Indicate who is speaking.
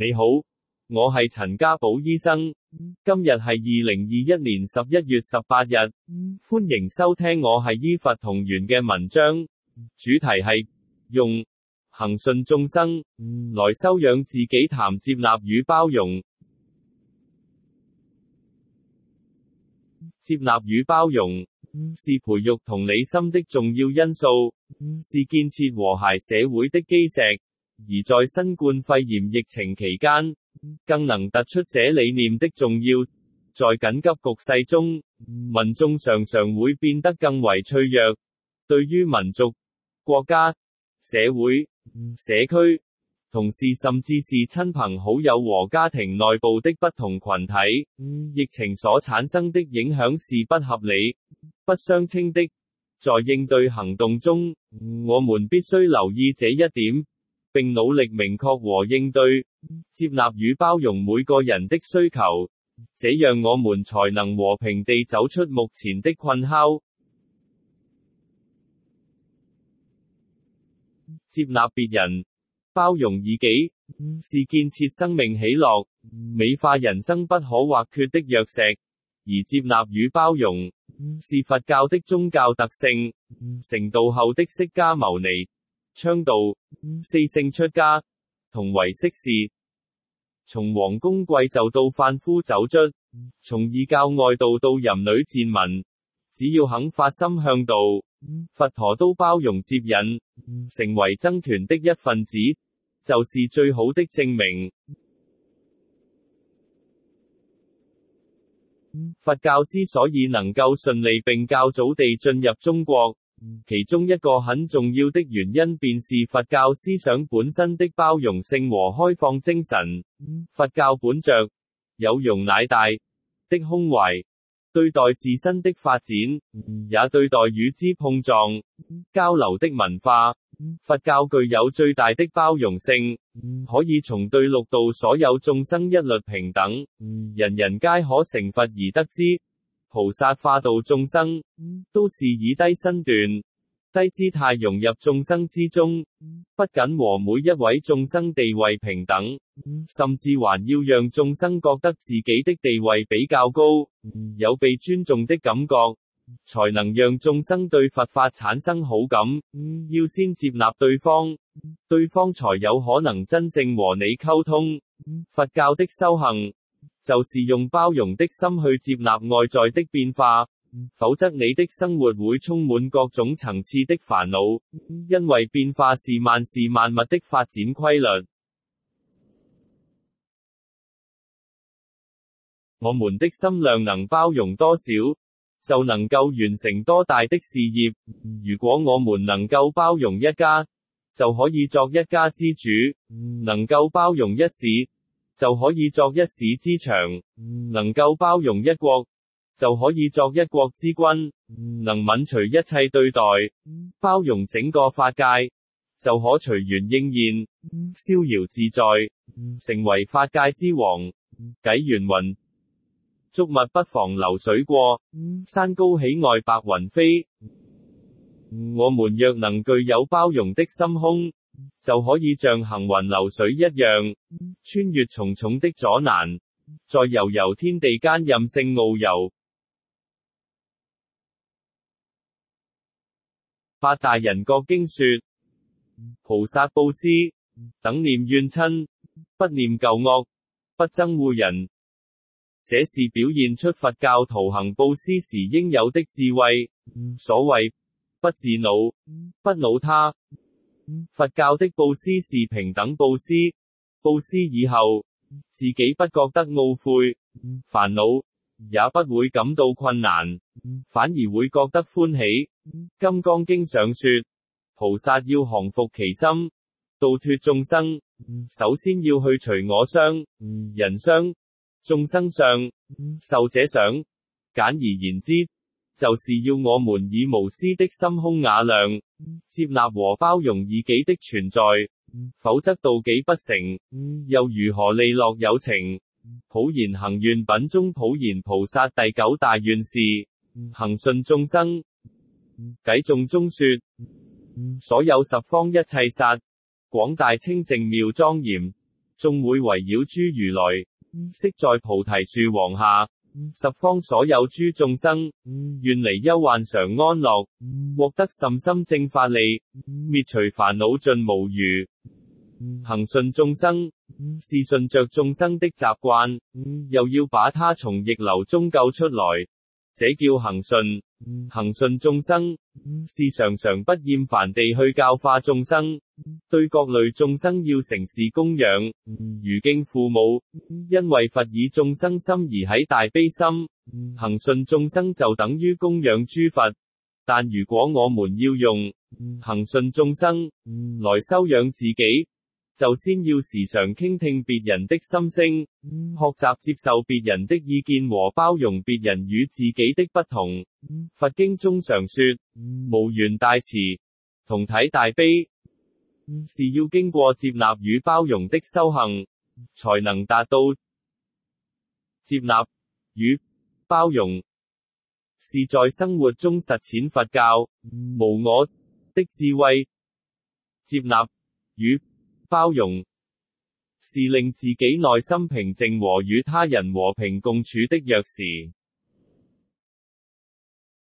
Speaker 1: 你好，我係陳家寶醫生。今日係二零二一年十一月十八日，歡迎收聽我係醫法同源嘅文章。主題係用恆順眾生來修養自己，談接納與包容。接納與包容是培育同理心的重要因素，是建設和諧社會的基石。而在新冠肺炎疫情期間，更能突出這理念的重要。在緊急局勢中，民眾常常會變得更為脆弱。對於民族、國家、社會、社區、同事，甚至是親朋好友和家庭內部的不同群體，疫情所產生的影響是不合理、不相稱的。在應對行動中，我們必須留意這一點。並努力明確和應對，接納與包容每一個人的需求，這樣我們才能和平地走出目前的困惑。倡導四姓出家，同為釋氏；從王公貴就到販夫走卒，從異教外道到淫女賤民，只要肯發心向道，佛陀都包容接引，成為僧團的一份子，就是最好的證明。 佛教之所以能夠順利並較早地進入中國。其中一個很重要的原因，便是佛教思想本身的包容性和開放精神。佛教本着有容乃大的胸懷，對待自身的發展，也對待與之碰撞交流的文化。佛教具有最大的包容性，可以從對六道所有眾生一律平等，人人皆可成佛而得知。菩薩化度眾生，都是以低身段、低姿態融入眾生之中，不僅和每一位眾生地位平等，甚至還要讓眾生覺得自己的地位比較高，有被尊重的感覺，才能讓眾生對佛法產生好感。要先接納對方，對方才有可能真正和你溝通。佛教的修行。就是用包容的心去接納外在的變化，否則你的生活會充滿各種層次的煩惱。因為變化是萬事萬物的發展規律。 我們的心量能包容多少，就能夠完成多大的事業。如果我們能夠包容一家，就可以作一家之主；能夠包容一事，就可以作一市之長，能夠包容一國，就可以作一國之君，能敏除一切對待，包容整個法界，就可隨緣應現，逍遙自在，成為法界之王。偈完云：竹密不妨流水過，山高喜愛白雲飛。我們若能具有包容的心胸。就可以像行雲流水一樣，穿越重重的阻難，在遊遊天地間任性遨遊。八大人覺經說，菩薩布施，等念怨親，不念舊惡，不憎惡人，這是表現出佛教徒行布施時應有的智慧。所謂不自惱，不惱他。佛教的布施是平等布施，布施以後自己不覺得懊悔、煩惱，也不會感到困難，反而會覺得歡喜。金剛經上說，菩薩要降伏其心，度脱眾生，首先要去除我相、人相、眾生相、壽者相。簡而言之，就是要我們以無私的心胸雅量接納和包容自己的存在，否則道己不成，又如何利樂有情？普賢行願品中，普賢菩薩第九大願是恆順眾生，偈眾中說：所有十方一切剎，廣大清淨妙莊嚴，眾會圍繞諸如來，悉在菩提樹王下。十方所有諸眾生，願離憂患常安樂，獲得甚深正法利，滅除煩惱盡無餘。恆順眾生，是順着眾生的習慣，又要把他從逆流中救出來。這叫恆順，恆順眾生是常常不厭煩地去教化眾生，對各類眾生要承事供養。如敬父母，因為佛以眾生心而喺大悲心，恆順眾生就等於供養諸佛。但如果我們要用恆順眾生來修養自己。就先要時常傾聽別人的心聲，學習接受別人的意見和包容別人與自己的不同。佛經中常說無緣大慈，同體大悲，是要經過接納與包容的修行，才能達到接納與包容。是在生活中實踐佛教無我的的智慧，接納與。包容是令自己內心平靜和與他人和平共處的鑰匙。